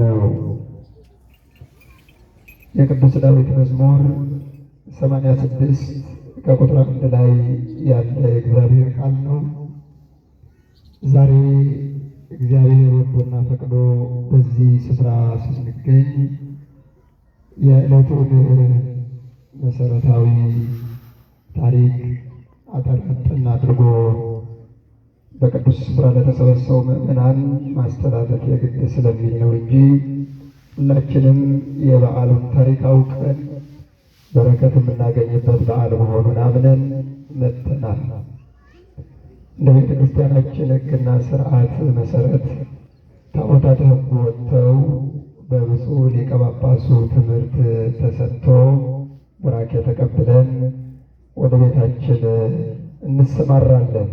ነው። የቅዱስ ዳዊት መዝሙር 86 ከቁጥር አንድ ላይ ያለ የእግዚአብሔር ቃል ነው። ዛሬ እግዚአብሔር ወዶና ፈቅዶ በዚህ ስፍራ ስንገኝ የዕለቱን መሰረታዊ ታሪክ አጠር አድርጎ በቅዱስ ስፍራ ለተሰበሰቡ ምእመናን ማስተላለፍ የግድ ስለሚል ነው እንጂ ሁላችንም የበዓሉን ታሪክ አውቀን በረከት የምናገኝበት በዓል መሆኑን አምነን መጥተናል። እንደ ቤተ ክርስቲያናችን ሕግና ስርዓት መሰረት ታቦታተ ሕጉ ወጥተው በብፁዕ ሊቀ ጳጳሱ ትምህርት ተሰጥቶ ቡራኬ ተቀብለን ወደ ቤታችን እንሰማራለን።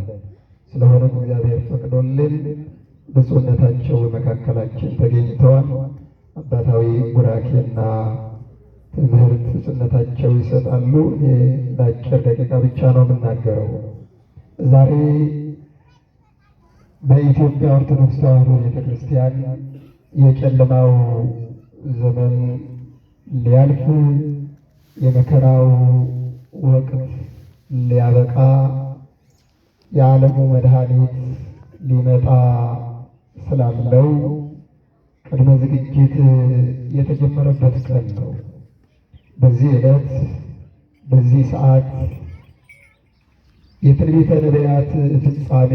ስለሆነ እግዚአብሔር ፈቅዶልን ብፁዕነታቸው መካከላችን ተገኝተዋል። አባታዊ ቡራኬና ትምህርት ብፁዕነታቸው ይሰጣሉ። ለአጭር ደቂቃ ብቻ ነው የምናገረው። ዛሬ በኢትዮጵያ ኦርቶዶክስ ተዋሕዶ ቤተክርስቲያን የጨለማው ዘመን ሊያልፍ የመከራው ወቅት ሊያበቃ የዓለሙ መድኃኒት ሊመጣ ስላለው ቅድመ ዝግጅት የተጀመረበት ቀን ነው። በዚህ ዕለት በዚህ ሰዓት የትንቢተ ነቢያት ፍጻሜ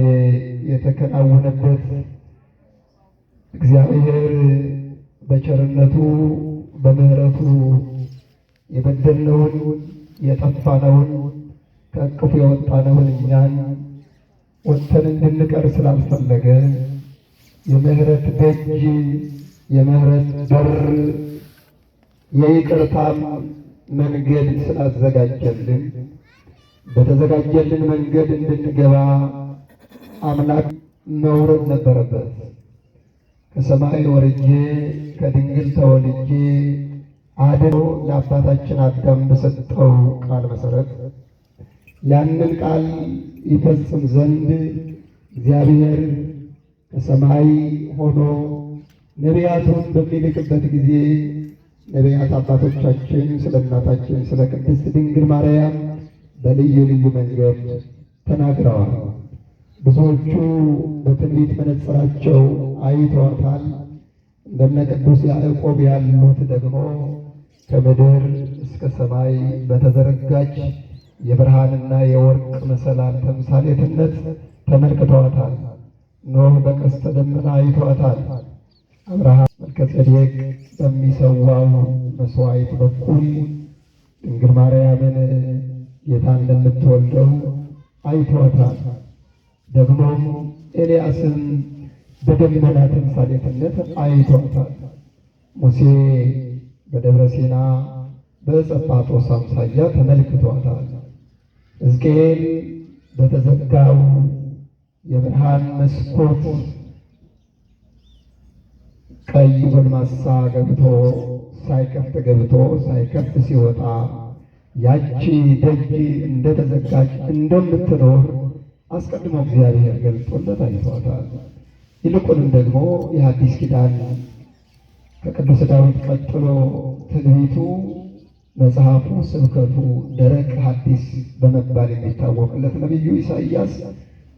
የተከናወነበት እግዚአብሔር በቸርነቱ በምሕረቱ የበደልነውን የጠፋነውን ከእቅፉ የወጣነውን እኛን ወጥተን እንድንቀር ስላልፈለገ የምህረት ደጅ የምህረት በር የይቅርታም መንገድ ስላዘጋጀልን በተዘጋጀልን መንገድ እንድንገባ አምላክ መውረድ ነበረበት። ከሰማይ ወርጄ ከድንግል ተወልጄ አድኖ ለአባታችን አዳም በሰጠው ቃል መሰረት ያንን ቃል ይፈጽም ዘንድ እግዚአብሔር ከሰማይ ሆኖ ነቢያቱን በሚልክበት ጊዜ ነቢያት አባቶቻችን ስለ እናታችን ስለ ቅድስት ድንግል ማርያም በልዩ ልዩ መንገድ ተናግረዋል። ብዙዎቹ በትንቢት መነጽራቸው አይተዋታል። እንደነ ቅዱስ ያዕቆብ ያሉት ደግሞ ከምድር እስከ ሰማይ በተዘረጋች የብርሃንና የወርቅ መሰላል ተምሳሌትነት ተመልክተዋታል። ኖህ በቀስተ ደመና አይቷታል። አብርሃም መልከጼዴቅ በሚሰዋው መስዋዕት በኩል ድንግል ማርያምን ጌታ እንደምትወልደው አይቷታል። ደግሞም ኤልያስን በደመና ተምሳሌትነት አይቷታል። ሙሴ በደብረ ሲና በዕፀ ጳጦስ አምሳያ ተመልክቷታል። ሕዝቅኤል በተዘጋው የብርሃን መስኮት ቀይ ጎልማሳ ገብቶ ሳይከፍት ገብቶ ሳይከፍት ሲወጣ ያቺ ደጅ እንደተዘጋጅ እንደምትኖር አስቀድሞ እግዚአብሔር ገልጦለት አይተዋታል። ይልቁንም ደግሞ የአዲስ ኪዳን ከቅዱስ ዳዊት ቀጥሎ ትንቢቱ መጽሐፉ ስብከቱ ደረቅ ሐዲስ በመባል የሚታወቅለት ነቢዩ ኢሳይያስ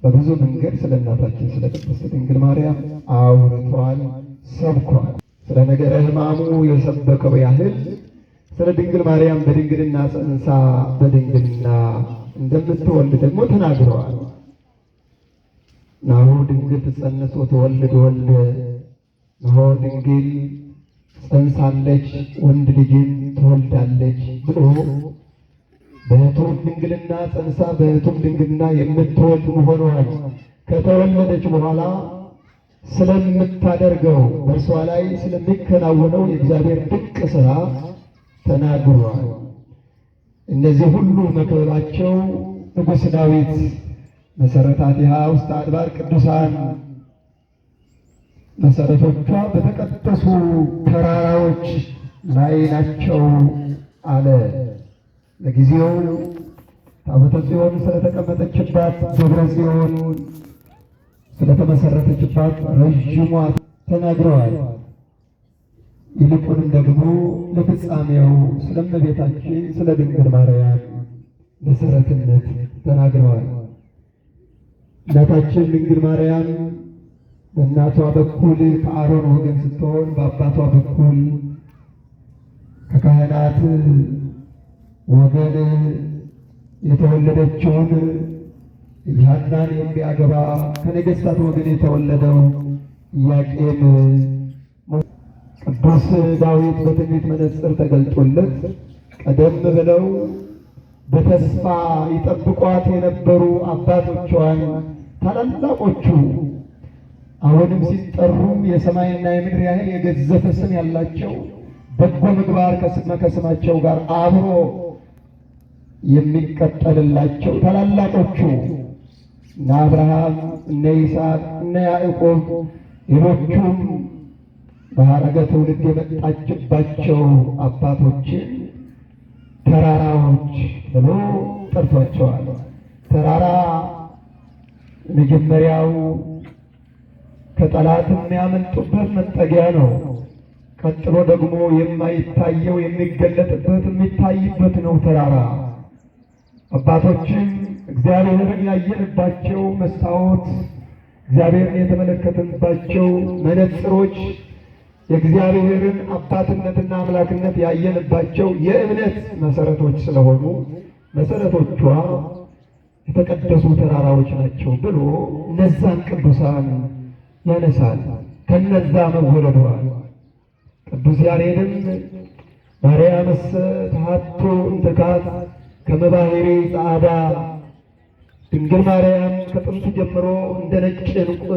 በብዙ መንገድ ስለ እናታችን ስለ ቅድስት ድንግል ማርያም አውርቷል፣ ሰብኳል። ስለ ነገረ ሕማሙ የሰበከው ያህል ስለ ድንግል ማርያም በድንግልና ጸንሳ በድንግልና እንደምትወልድ ደግሞ ተናግረዋል። ናሁ ድንግል ትጸንስ ወትወልድ ወልድ፣ ንሆ ድንግል ጸንሳለች ወንድ ልጅን ትወልዳለች ብሎ በእህቱም ድንግልና ጸንሳ በእህቱም ድንግልና የምትወልድ መሆኗን ከተወለደች በኋላ ስለምታደርገው በእርሷ ላይ ስለሚከናወነው የእግዚአብሔር ድንቅ ሥራ ተናግሯል። እነዚህ ሁሉ መክበባቸው ንጉሥ ዳዊት መሠረታቲሃ ውስተ አድባር ቅዱሳን መሠረቶቿ በተቀደሱ ተራራዎች ላይ ናቸው አለ። ለጊዜው ታቦተ ጽዮን ስለተቀመጠችባት ደብረ ጽዮን ስለተመሰረተችባት ረዥሟ ተናግረዋል። ይልቁንም ደግሞ ለፍጻሜው ስለ እመቤታችን ስለ ድንግል ማርያም መሰረትነት ተናግረዋል። እናታችን ድንግል ማርያም በእናቷ በኩል ከአሮን ወገን ስትሆን በአባቷ በኩል ከካህናት ወገን የተወለደችውን ሐናን የሚያገባ ከነገስታት ወገን የተወለደው ያቄም ቅዱስ ዳዊት በትንቢት መነጽር ተገልጦለት ቀደም ብለው በተስፋ ይጠብቋት የነበሩ አባቶቿን ታላላቆቹ አሁንም ሲጠሩ የሰማይና የምድር ያህል የገዘፈ ስም ያላቸው በጎ ምግባር ከስማቸው ጋር አብሮ የሚቀጠልላቸው ታላላቆቹ እነ አብርሃም፣ እነ ይስሐቅ፣ እነ ያዕቆብ ሌሎቹም በሐረገ ትውልድ የመጣችባቸው አባቶችን ተራራዎች ብሎ ጠርቷቸዋል። ተራራ መጀመሪያው ከጠላት የሚያመልጡበት መጠጊያ ነው። ቀጥሎ ደግሞ የማይታየው የሚገለጥበት የሚታይበት ነው ተራራ። አባቶችን እግዚአብሔርን ያየንባቸው መስታወት፣ እግዚአብሔርን የተመለከትንባቸው መነጽሮች፣ የእግዚአብሔርን አባትነትና አምላክነት ያየንባቸው የእምነት መሰረቶች ስለሆኑ መሰረቶቿ የተቀደሱ ተራራዎች ናቸው ብሎ እነዛን ቅዱሳን ያነሳል። ከነዛ መወለደዋል ቅዱስ ያሬድም ማርያምስ ተሃቱ እንተካት ከመ ባሕሪ ጸዓዳ ድንግል ማርያም ከጥንቱ ጀምሮ እንደ ነጭ ዕንቁ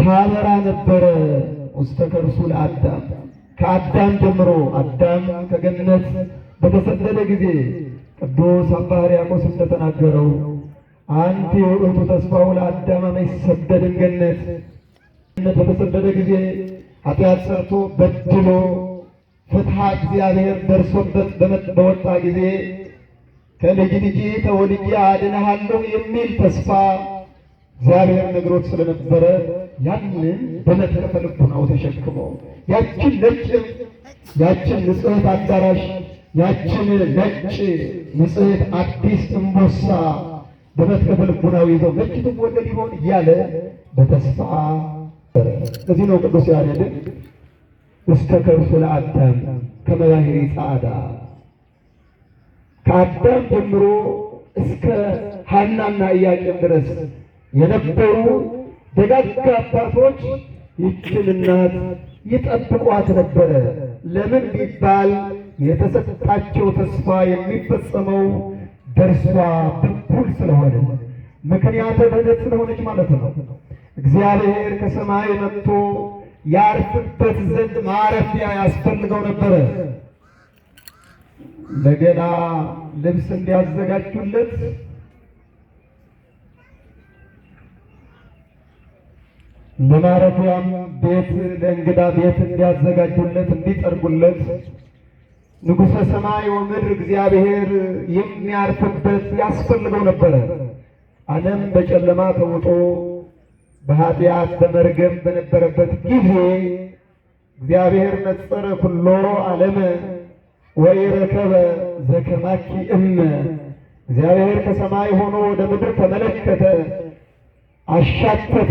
ታበራ ነበረ ውስተ ከርሱ ለአዳም ከአዳም ጀምሮ አዳም ከገነት በተሰደደ ጊዜ ቅዱስ አባ ሕርያቆስ እንደተናገረው አንቲ ውእቱ ተስፋው ለአዳም አመ ይሰደድ እምገነት በተሰደደ ጊዜ ኃጢአት ሰርቶ በድሎ ፍትሐ እግዚአብሔር ደርሶበት በወጣ ጊዜ ከልጅ ልጅ ተወልጄ አድንሃለሁ የሚል ተስፋ እግዚአብሔር ነግሮት ስለነበረ ያንን በመትረፈ ልቡናው ተሸክሞ ያችን ነጭ ያችን ንጽሕት አዳራሽ ያችን ነጭ ንጽሕት አዲስ እንቦሳ በመትረፈ ልቡናው ይዘው መች ትወለድ ይሆን እያለ በተስፋ እዚህ ነው ቅዱስ ያሬድ ውስተ ከብሱ ለአዳም ከመ ባሕሪ ከአዳም ጀምሮ እስከ ሐናና ኢያቄም ድረስ የነበሩ ደጋግ አባቶች ይችን እናት ይጠብቋት ነበረ። ለምን ቢባል የተሰጣቸው ተስፋ የሚፈጸመው ደርሷ ብኩል ስለሆነ ምክንያተ ድኅነት ስለሆነች ማለት ነው። እግዚአብሔር ከሰማይ መጥቶ ያርፍበት ዘንድ ማረፊያ ያስፈልገው ነበረ። ለገና ልብስ እንዲያዘጋጁለት ለማረፊያም ቤት ለእንግዳ ቤት እንዲያዘጋጁለት እንዲጠርጉለት ንጉሠ ሰማይ ወምድር እግዚአብሔር የሚያርፍበት ያስፈልገው ነበረ። ዓለም በጨለማ ተውጦ በኃጢአት በመርገም በነበረበት ጊዜ እግዚአብሔር ነጸረ ኩሎ ዓለም ወይረከበ ዘከማኪ እም እግዚአብሔር ከሰማይ ሆኖ ወደ ምድር ተመለከተ፣ አሻተተ።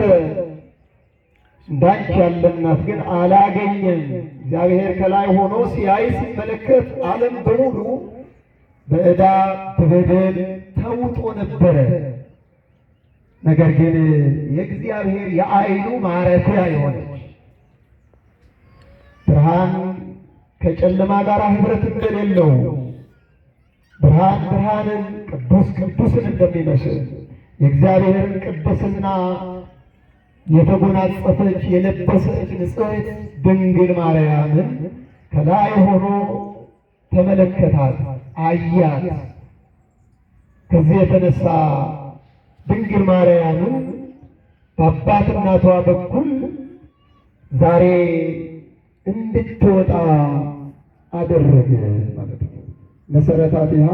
እንዳንቺ ያለ እናት ግን አላገኘም። እግዚአብሔር ከላይ ሆኖ ሲያይ ሲመለከት ዓለም በሙሉ በዕዳ በበደል ተውጦ ነበረ። ነገር ግን የእግዚአብሔር የአይኑ ማረፊያ የሆነች ብርሃን ከጨለማ ጋር ህብረት እንደሌለው ብርሃን ብርሃንን ቅዱስ ቅዱስን እንደሚመስል የእግዚአብሔርን ቅድስና የተጎናጸፈች የለበሰች ንጽሕት ድንግል ማርያምን ከላይ ሆኖ ተመለከታት፣ አያት። ከዚህ የተነሳ ድንግል ማርያምን በአባት እናቷ በኩል ዛሬ እንድትወጣ አደረገ ማለት ነው። መሰረታቲሃ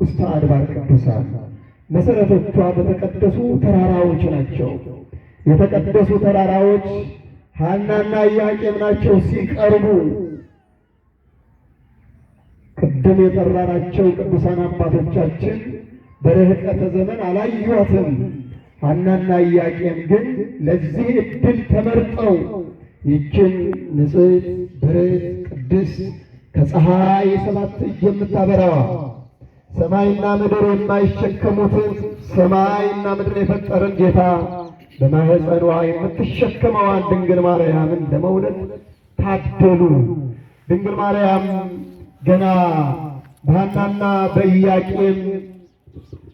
ውስተ አድባር ቅዱሳን መሰረቶቿ በተቀደሱ ተራራዎች ናቸው። የተቀደሱ ተራራዎች ሐናና ኢያቄም ናቸው ሲቀርቡ ቅድም የጠራናቸው ቅዱሳን አባቶቻችን በርኅቀተ ዘመን አላዩዋትም። ሐናና ኢያቄም ግን ለዚህ እድል ተመርጠው ይችን ንጽሕት ብርህት ቅድስ ከፀሐይ ሰባት እጅ የምታበራዋ ሰማይና ምድር የማይሸከሙትን ሰማይና ምድር የፈጠረን ጌታ በማኅፀኗ የምትሸከመዋን ድንግል ማርያምን ለመውለድ ታደሉ። ድንግል ማርያም ገና በሐናና በኢያቄም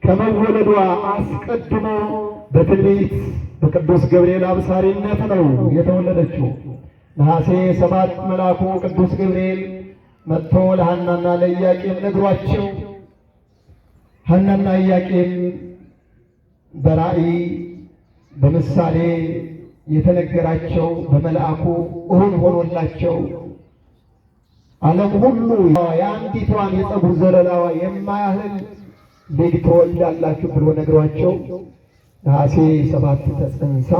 ከመወለዷ አስቀድሞ በትንቢት በቅዱስ ገብርኤል አብሳሪነት ነው የተወለደችው። ነሐሴ ሰባት መልአኩ ቅዱስ ገብርኤል መጥቶ ለሐናና ለኢያቄም ነግሯቸው ሐናና ኢያቄም በራእይ በምሳሌ የተነገራቸው በመልአኩ እሁን ሆኖላቸው ዓለም ሁሉ የአንዲቷን የፀጉር ዘለላዋ የማያህል ልጅ ተወልዳላችሁ ብሎ ነግሯቸው ነሐሴ ሰባት ተጽንሳ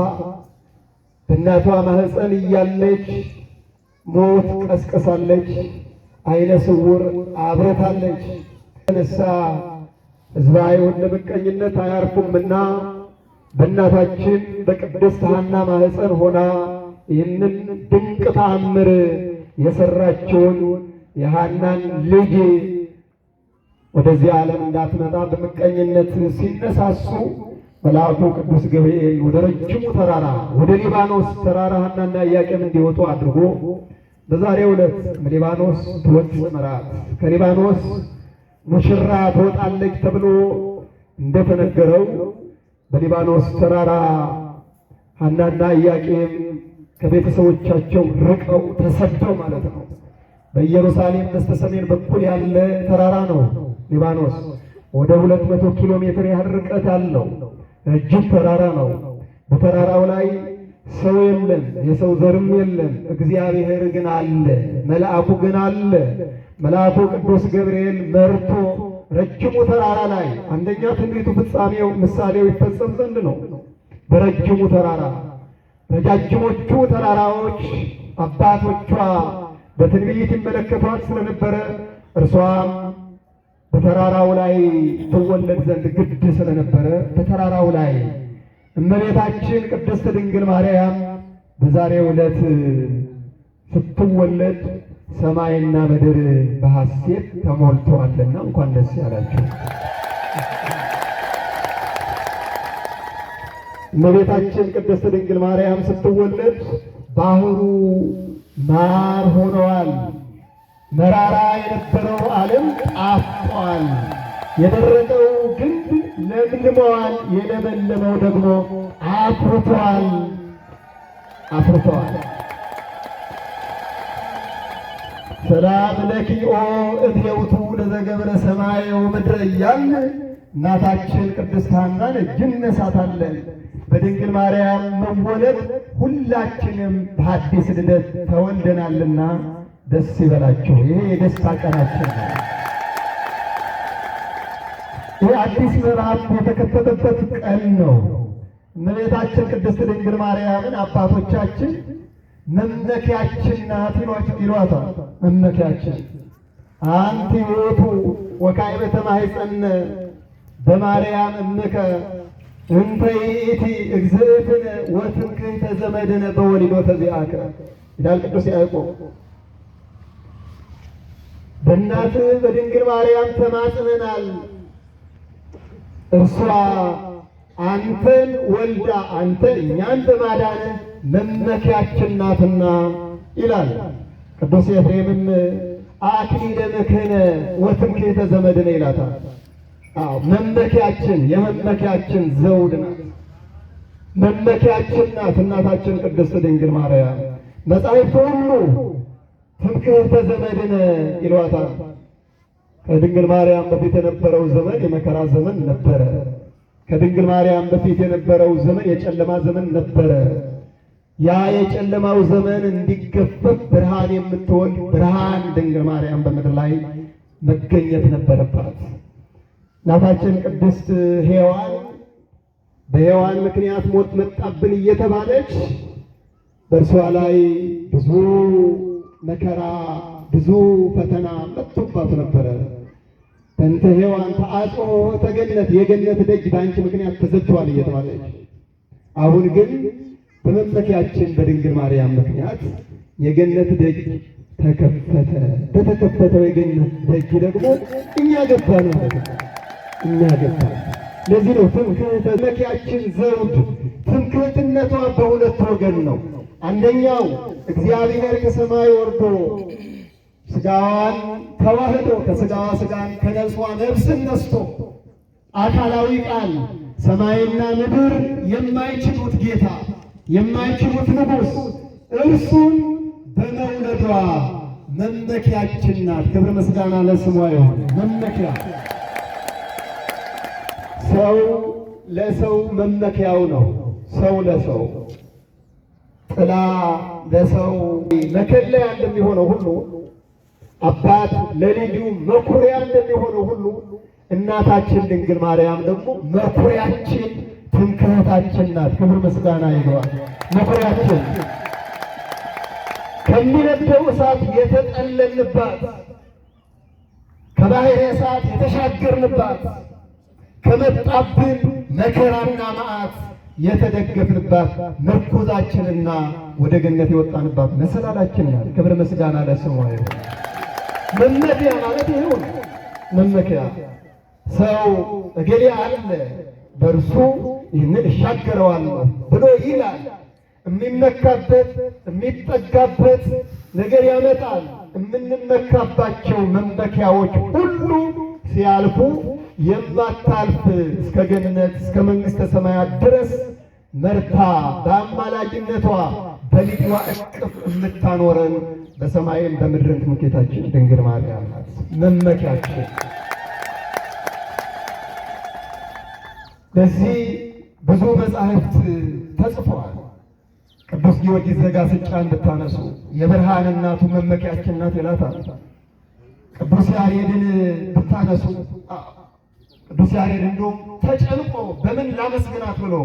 በእናቷ ማህፀን እያለች ሞት ቀስቀሳለች አይነ ስውር አብረታለች። ተነሳ ሕዝበ አይሁድ ለምቀኝነት አያርፉምና በእናታችን በቅድስት ሐና ማህፀን ሆና ይህንን ድንቅ ተአምር የሰራችውን የሐናን ልጅ ወደዚህ ዓለም እንዳትመጣ በምቀኝነት ሲነሳሱ መልአኩ ቅዱስ ገብርኤል ወደ ረጅሙ ተራራ ወደ ሊባኖስ ተራራ ሐናና ኢያቄም እንዲወጡ አድርጎ በዛሬው ዕለት ከሊባኖስ ትወጭ ምራት ከሊባኖስ ሙሽራ ትወጣለች ተብሎ እንደተነገረው በሊባኖስ ተራራ ሐናና ኢያቄም ከቤተሰቦቻቸው ርቀው ተሰደው ማለት ነው። በኢየሩሳሌም በስተሰሜን በኩል ያለ ተራራ ነው። ሊባኖስ ወደ ሁለት መቶ ኪሎ ሜትር ያህል ርቀት አለው። እጅግ ተራራ ነው። በተራራው ላይ ሰው የለም፣ የሰው ዘርም የለም። እግዚአብሔር ግን አለ፣ መልአኩ ግን አለ። መልአኩ ቅዱስ ገብርኤል መርቶ ረጅሙ ተራራ ላይ አንደኛ ትንቢቱ ፍጻሜው ምሳሌው ይፈጸም ዘንድ ነው። በረጅሙ ተራራ ረጃጅሞቹ ተራራዎች አባቶቿ በትንቢት ይመለከቷት ስለነበረ እርሷም በተራራው ላይ ትወለድ ዘንድ ግድ ስለነበረ በተራራው ላይ እመቤታችን ቅድስት ድንግል ማርያም በዛሬው ዕለት ስትወለድ ሰማይና ምድር በሐሴት ተሞልተዋልና እንኳን ደስ ያላችሁ። እመቤታችን ቅድስት ድንግል ማርያም ስትወለድ ባህሩ ማር ሆነዋል። መራራ የነበረው ዓለም ጣፍጧል፣ የደረቀው ግንብ ለምልመዋል፣ የለመለመው ደግሞ አፍርቷል አፍርቷል። ሰላም ለኪኦ እብየውቱ ለዘገብረ ሰማየ ወምድረ እያልን እናታችን ቅድስት ሐናን እጅ በድንግል ማርያም መወለድ ሁላችንም በአዲስ ልደት ተወልደናልና ደስ ይበላቸው። ይሄ የደስታ ቀናችን ነው። ይህ አዲስ ምዕራፍ የተከፈተበት ቀን ነው። እመቤታችን ቅድስት ድንግል ማርያምን አባቶቻችን መመኪያችን ናት ይሏታል። መመኪያችን አንቲ ውእቱ ወካዕበተ ማኅፀነ በማርያም እምከ እንተ ይእቲ እግዝእትነ ወትምክሕተ ዘመድነ በወሊዶተ ዚአከ ይላል ቅዱስ ያዕቆብ። በእናትህ በድንግል ማርያም ተማጽነናል። እርሷ አንተን ወልዳ አንተ እኛን በማዳነ መመኪያችን ናትና ይላል ቅዱስ ኤፍሬምም አክሊለ ምክህነ ወትምክህተ ዘመድነ ይላታል። መመኪያችን የመመኪያችን ዘውድ ናት፣ መመኪያችን ናት እናታችን ቅድስት ድንግል ማርያም መጻሕፍት ሁሉ ፍቅህተ ዘመድን ይሏታል። ከድንግል ማርያም በፊት የነበረው ዘመን የመከራ ዘመን ነበረ። ከድንግል ማርያም በፊት የነበረው ዘመን የጨለማ ዘመን ነበረ። ያ የጨለማው ዘመን እንዲገፈፍ ብርሃን የምትወልድ ብርሃን ድንግል ማርያም በምድር ላይ መገኘት ነበረባት። እናታችን ቅድስት ሔዋን በሔዋን ምክንያት ሞት መጣብን እየተባለች በእርሷ ላይ ብዙ መከራ ብዙ ፈተና መጥቶባት ነበረ። በእንተ ሔዋን ተአጽሖ ተገነት የገነት ደጅ በአንቺ ምክንያት ተዘግቷል እየተባለች አሁን ግን በመመኪያችን በድንግል ማርያም ምክንያት የገነት ደጅ ተከፈተ። በተከፈተው የገነት ደጅ ደግሞ እኛ ገባን ነው። እኛ ገባን። ለዚህ ነው ትምክህተ መኪያችን ዘውድ ትምክህትነቷ በሁለት ወገን ነው። አንደኛው እግዚአብሔር ከሰማይ ወርዶ ስጋዋን ተዋህዶ ከስጋዋ ስጋን ከነፍሷ ነፍስን ነስቶ አካላዊ ቃል ሰማይና ምድር የማይችሉት ጌታ የማይችሉት ንጉሥ እርሱን በመውለዷ መመኪያችን ናት። ክብር ምስጋና ለስሟ ይሁን። መመኪያ ሰው ለሰው መመኪያው ነው። ሰው ለሰው ጥላ ለሰው መከለያ እንደሚሆነው ሁሉ አባት ለልጁ መኩሪያ እንደሚሆነው ሁሉ እናታችን ድንግል ማርያም ደግሞ መኩሪያችን ትምክህታችን ናት። ክብር ምስጋና ይገባል። መኩሪያችን ከሚነደው እሳት የተጠለልንባት፣ ከባህር እሳት የተሻገርንባት ከመጣብን መከራና መዓት የተደገፍንባት ምርኩዛችንና ወደ ገነት የወጣንባት መሰላላችን ናት። ክብር ምስጋና ለስሙ ይሁን። መመኪያ ማለት ይሁን መመኪያ ሰው እገሌ አለ በእርሱ ይህንን እሻገረዋለሁ ብሎ ይላል። የሚመካበት የሚጠጋበት ነገር ያመጣል። የምንመካባቸው መመኪያዎች ሁሉ ሲያልፉ የማታልፍ እስከ ገነት እስከ መንግሥተ ሰማያት ድረስ መርታ በአማላጅነቷ በልጅዋ እቅፍ የምታኖረን በሰማይም በምድርን ትምኬታችን ድንግል ማርያም ናት መመኪያችን። በዚህ ብዙ መጻሕፍት ተጽፈዋል። ቅዱስ ጊዮርጊስ ዘጋስጫ እንድታነሱ የብርሃን እናቱ መመኪያችን ናት ይላታል። ቅዱስ ያሬድን ብታነሱ ቅዱስ ያሬድ እንዲሁም ተጨንቆ በምን ላመስግናት ብሎ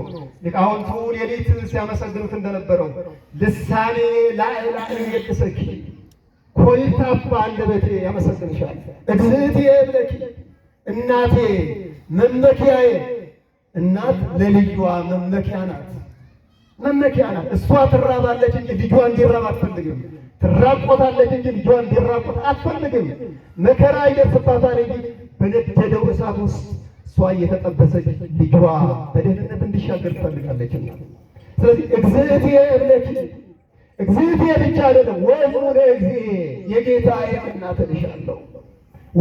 ሊቃውንቱ ሌሊት ሲያመሰግኑት እንደነበረው ልሳኔ ላዕላዕን የቅሰኪ ኮይታፋ አንደበቴ ያመሰግንሻል። እግዝእቴ ብለኪ እናቴ መመኪያዬ፣ እናት ለልጇ መመኪያ ናት፣ መመኪያ ናት። እሷ ትራባለች እንጂ ልጇ እንዲራብ አትፈልግም። ትራቆታለች እንጂ ልጇ እንዲራቆት አትፈልግም። መከራ ይደርስባታል እንጂ በነደደው እሳት ውስጥ እሷ እየተጠበሰች ልጇ በደህንነት እንዲሻገር ትፈልጋለች። ስለዚህ እግዚአብሔር ለች እግዚአብሔር ብቻ አይደለም ወሙ ለእግዚእ የጌታ የምናት ልሻለሁ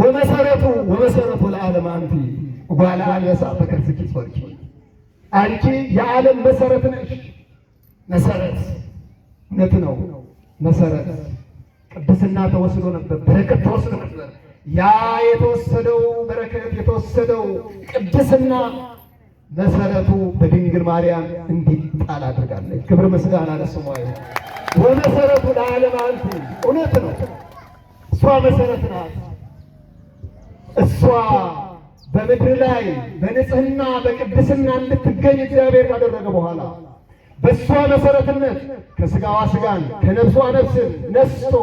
ወመሰረቱ ወመሰረቱ ለዓለም አንቲ ጓለ አንበሳ በከርስኪ ጾርኪ አንቺ የዓለም መሰረት ነሽ። መሰረት እውነት ነው። መሰረት ቅድስና ተወስዶ ነበር። በረከት ተወስዶ ነበር። ያ የተወሰደው በረከት የተወሰደው ቅድስና መሰረቱ በድንግል ማርያም እንዲጣል አድርጋለች። ክብር ምስጋና ለስሟ ይሁን። ወመሰረቱ ለዓለም አንቱ እውነት ነው። እሷ መሰረት ናት። እሷ በምድር ላይ በንጽህና በቅድስና እንድትገኝ እግዚአብሔር ካደረገ በኋላ በእሷ መሰረትነት ከስጋዋ ስጋን ከነፍሷ ነፍስን ነስቶ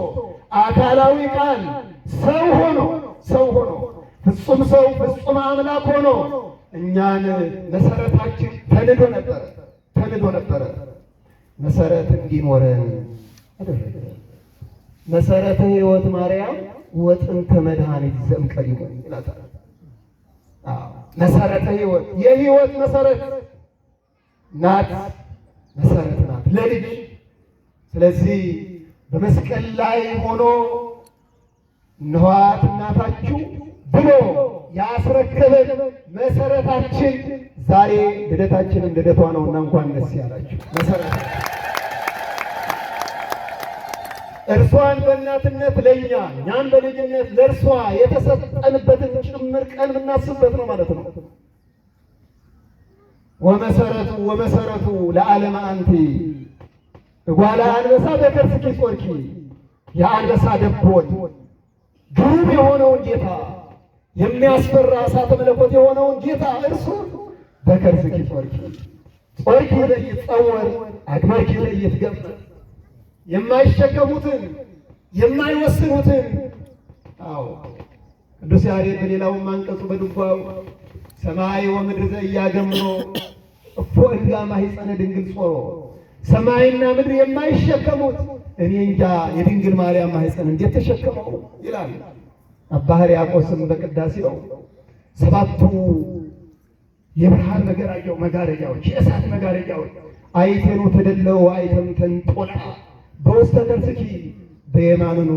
አካላዊ ቃል ሰው ሆኖ ሰው ሆኖ ፍጹም ሰው ፍጹም አምላክ ሆኖ እኛን መሰረታችን ተንዶ ነበረ ተንዶ ነበረ። መሠረት እንዲኖረን አደረገ። መሠረተ ሕይወት ማርያም ወጥንተ መድኃኒት ዘእምቀሊሙ ይላታል። መሠረተ ሕይወት የሕይወት መሠረት ናት። መሰረት ናት ለልጅ። ስለዚህ በመስቀል ላይ ሆኖ እነኋት እናታችሁ ብሎ ያስረከበን መሰረታችን ዛሬ ልደታችንም ልደቷ እና እንኳን ደስ ያላችሁ። መሰረት እርሷን በእናትነት ለእኛ እኛም በልጅነት ለእርሷ የተሰጠንበትን ጭምር ቀን የምናስብበት ነው ማለት ነው። ወመሰረቱ ወመሰረቱ ለዓለም አንቲ ጓለ አንበሳ በከርስኪ ጾርኪ የአንበሳ ደቦል ግሩም የሆነውን ጌታ የሚያስፈራ እሳተ መለኮት የሆነውን ጌታ እርሱ በከርስኪ ጾርኪ ጾርኪ ለይትጸወር አግመርኪ ለይትገበር የማይሸከሙትን የማይወስኑትን አዎ ቅዱስ ያሬድ በሌላውም አንቀጹ በድጓው ሰማይ ወምድር ዘኢያገምሮ እፎ እንዳ ማኅፀነ ድንግል ጾሮ ሰማይና ምድር የማይሸከሙት እኔ እንጃ የድንግል ማርያም ማኅፀን እንዴት ተሸከመው ይላል አባ ሕርያቆስም በቅዳሴው። ሰባቱ የብርሃን መጋረጃው መጋረጃዎች የእሳት መጋረጃዎች አይቴኑ ተደለው አይተም ተንጦላ በውስተ ተርስኪ በየማኑ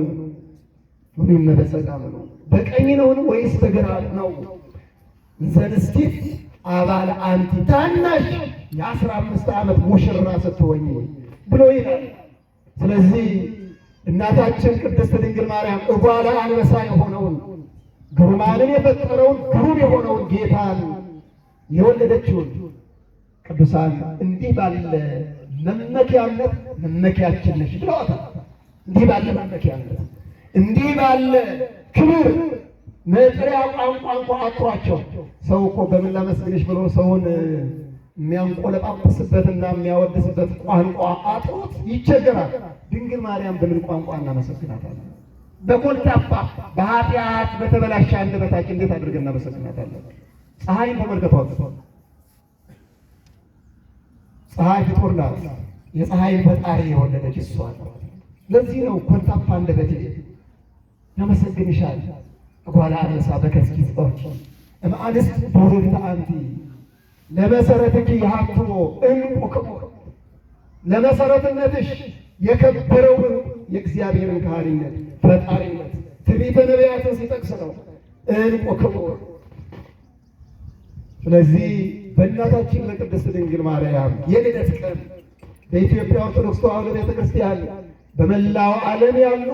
በየማንኑ ነው በቀኝ ነውን ወይስ በግራ ነው? ዘንስኪት አባል አንቲ ታናሽ የአስራ አምስት ዓመት ሙሽራ ስትሆኝ ብሎ ይላል። ስለዚህ እናታችን ቅድስት ድንግል ማርያም እጓለ አንበሳ የሆነውን ግሩማንን የፈጠረውን ግሩም የሆነውን ጌታን የወለደችውን ቅዱሳን እንዲህ ባለ መመኪያነት መመኪያችን ነች ብለዋታል። እንዲህ ባለ መመኪያነት እንዲህ ባለ ክብር መጠሪያ ቋንቋ እንኳ አጥሯቸው። ሰው እኮ በምን ላመስግንሽ ብሎ ሰውን የሚያንቆለጳጵስበትና የሚያወድስበት ቋንቋ አጥሮት ይቸገራል። ድንግል ማርያም በምን ቋንቋ እናመሰግናታለን? በኮልታፋ በኃጢአት በተበላሸ አንደበታችን እንዴት አድርገን እናመሰግናታለን? ፀሐይን ተመልከቷት። ፀሐይ ፍጡር ናት። የፀሐይን ፈጣሪ የወለደች እሷ። ለዚህ ነው ኮልታፋ አንደበት ያመሰግንሻል ጓላ አነሳ በከስኪስ ኦርኪ እምአንስት ቡርክት አንቲ ለመሰረትኪ የሀትሞ እንቁ ክቡር ለመሰረትነትሽ የከበረውን የእግዚአብሔርን ካህሪነት ፈጣሪነት ትንቢተ ነቢያትን ሲጠቅስ ነው እንቁ ክቡር። ስለዚህ በእናታችን በቅድስት ድንግል ማርያም የልደት ቀን በኢትዮጵያ ኦርቶዶክስ ተዋሕዶ ቤተክርስቲያን በመላው ዓለም ያሉ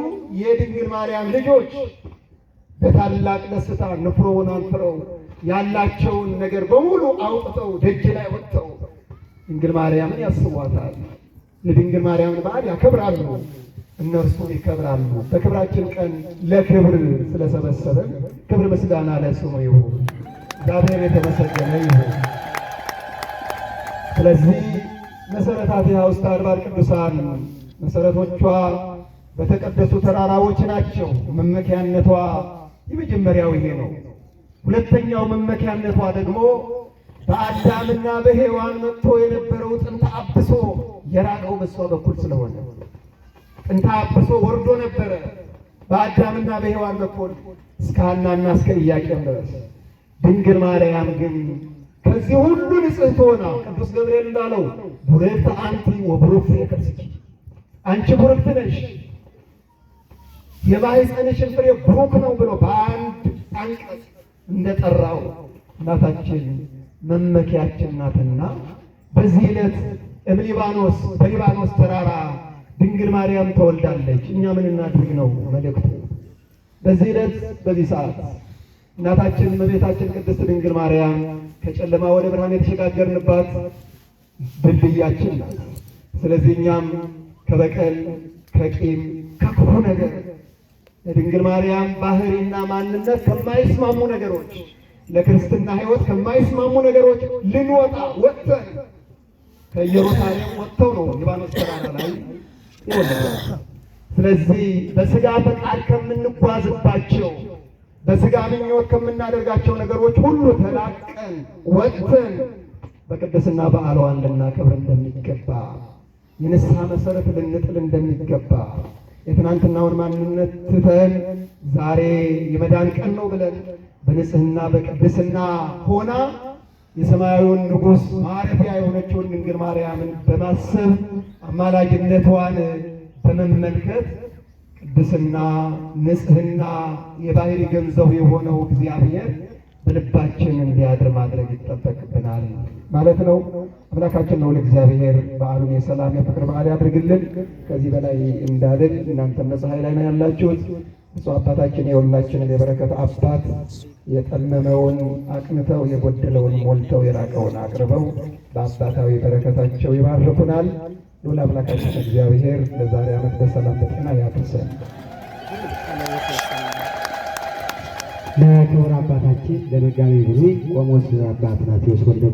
የድንግል ማርያም ልጆች በታላቅ ደስታ ንፍሮውን አንፍረው ያላቸውን ነገር በሙሉ አውጥተው ደጅ ላይ ወጥተው ድንግል ማርያምን ያስቧታል። የድንግል ማርያምን በዓል ያከብራሉ፣ እነርሱ ይከብራሉ። በክብራችን ቀን ለክብር ስለሰበሰበን ክብር ምስጋና ለስሙ ይሁን፣ እግዚአብሔር የተመሰገነ ይሁን። ስለዚህ መሰረታት ውስጥ አድባር ቅዱሳን መሰረቶቿ በተቀደሱ ተራራዎች ናቸው መመኪያነቷ የመጀመሪያው ይሄ ነው። ሁለተኛው መመኪያነቷ ደግሞ በአዳምና በሔዋን መጥቶ የነበረው ጥንተ አብሶ የራቀው በሷ በኩል ስለሆነ ጥንተ አብሶ ወርዶ ነበረ በአዳምና በሔዋን በኩል እስከ ሐናና እስከ ኢያቄም ድረስ። ድንግል ማርያም ግን ከዚህ ሁሉ ንጽሕት ሆና ቅዱስ ገብርኤል እንዳለው ቡርክት አንቲ ወቡሩክ ፍሬ አንቺ ቡርክት ነሽ የማኅፀንሽን ፍሬ ቡሩክ ነው ብሎ በአንድ አንቀጽ እንደጠራው እናታችን መመኪያችን ናትና በዚህ ዕለት እምሊባኖስ በሊባኖስ ተራራ ድንግል ማርያም ተወልዳለች። እኛ ምን እናድርግ ነው መልእክቱ። በዚህ ዕለት በዚህ ሰዓት እናታችን እመቤታችን ቅድስት ድንግል ማርያም ከጨለማ ወደ ብርሃን የተሸጋገርንባት ድልድያችን ናት። ስለዚህ እኛም ከበቀል ከቂም፣ ከክፉ ነገር የድንግል ማርያም ባህሪና ማንነት ከማይስማሙ ነገሮች ለክርስትና ሕይወት ከማይስማሙ ነገሮች ልንወጣ ወጥተን ከኢየሩሳሌም ወጥተው ነው ሊባኖስ ተራራ ላይ ስለዚህ በስጋ ፈቃድ ከምንጓዝባቸው በስጋ ምኞት ከምናደርጋቸው ነገሮች ሁሉ ተላቀን ወጥተን በቅድስና በዓሏን ልናከብር እንደሚገባ የንስሐ መሰረት ልንጥል እንደሚገባ የትናንትናውን ማንነት ትተን ዛሬ የመዳን ቀን ነው ብለን በንጽህና በቅድስና ሆና የሰማያዊውን ንጉሥ ማረፊያ የሆነችውን ድንግል ማርያምን በማሰብ አማላጅነቷን በመመልከት ቅድስና፣ ንጽህና የባህሪ ገንዘብ የሆነው እግዚአብሔር በልባችን እንዲያድር ማድረግ ይጠበቅብናል ማለት ነው። አምላካችን ነው ለእግዚአብሔር በዓሉን የሰላም የፍቅር በዓል ያድርግልን። ከዚህ በላይ እንዳልን እናንተ ፀሐይ ላይ ነው ያላችሁት። እሱ አባታችን የሁላችንን የበረከት አባት የጠመመውን አቅንተው የጎደለውን ሞልተው የራቀውን አቅርበው በአባታዊ በረከታቸው ይባርኩናል። ሉላ አምላካችን እግዚአብሔር ለዛሬ ዓመት በሰላም በጤና ያድርሰን። ለክብር አባታችን ለመጋቤ ብሉይ ቆሞስ አባ አትናቴዎስ ወልደ